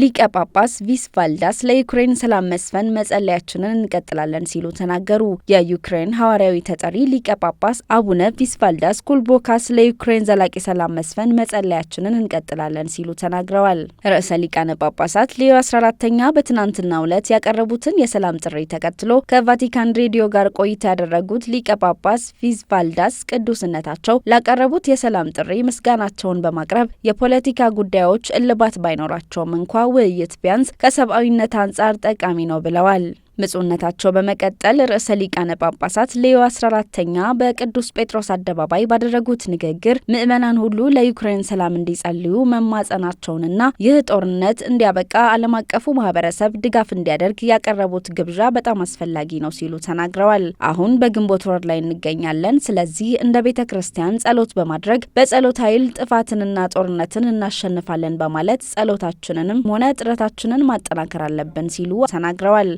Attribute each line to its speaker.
Speaker 1: ሊቀ ጳጳስ ቪስቫልዳስ ለዩክሬን ሰላም መስፈን መጸለያችንን እንቀጥላለን ሲሉ ተናገሩ። የዩክሬን ሐዋርያዊ ተጠሪ ሊቀ ጳጳስ አቡነ ቪስቫልዳስ ኩልቦካስ ለዩክሬን ዘላቂ ሰላም መስፈን መጸለያችንን እንቀጥላለን ሲሉ ተናግረዋል። ርዕሰ ሊቃነ ጳጳሳት ሌዮ 14ተኛ በትናንትናው ዕለት ያቀረቡትን የሰላም ጥሪ ተከትሎ ከቫቲካን ሬዲዮ ጋር ቆይታ ያደረጉት ሊቀ ጳጳስ ቪስቫልዳስ ቅዱስነታቸው ላቀረቡት የሰላም ጥሪ ምስጋናቸውን በማቅረብ የፖለቲካ ጉዳዮች እልባት ባይኖራቸውም እንኳ ውይይት ቢያንስ ከሰብአዊነት አንጻር ጠቃሚ ነው ብለዋል። ብፁዕነታቸው በመቀጠል ርዕሰ ሊቃነ ጳጳሳት ሌዮ 14ተኛ በቅዱስ ጴጥሮስ አደባባይ ባደረጉት ንግግር ምዕመናን ሁሉ ለዩክሬን ሰላም እንዲጸልዩ መማጸናቸውንና ይህ ጦርነት እንዲያበቃ ዓለም አቀፉ ማህበረሰብ ድጋፍ እንዲያደርግ ያቀረቡት ግብዣ በጣም አስፈላጊ ነው ሲሉ ተናግረዋል። አሁን በግንቦት ወር ላይ እንገኛለን። ስለዚህ እንደ ቤተ ክርስቲያን ጸሎት በማድረግ በጸሎት ኃይል ጥፋትንና ጦርነትን እናሸንፋለን በማለት ጸሎታችንንም ሆነ ጥረታችንን ማጠናከር አለብን ሲሉ ተናግረዋል።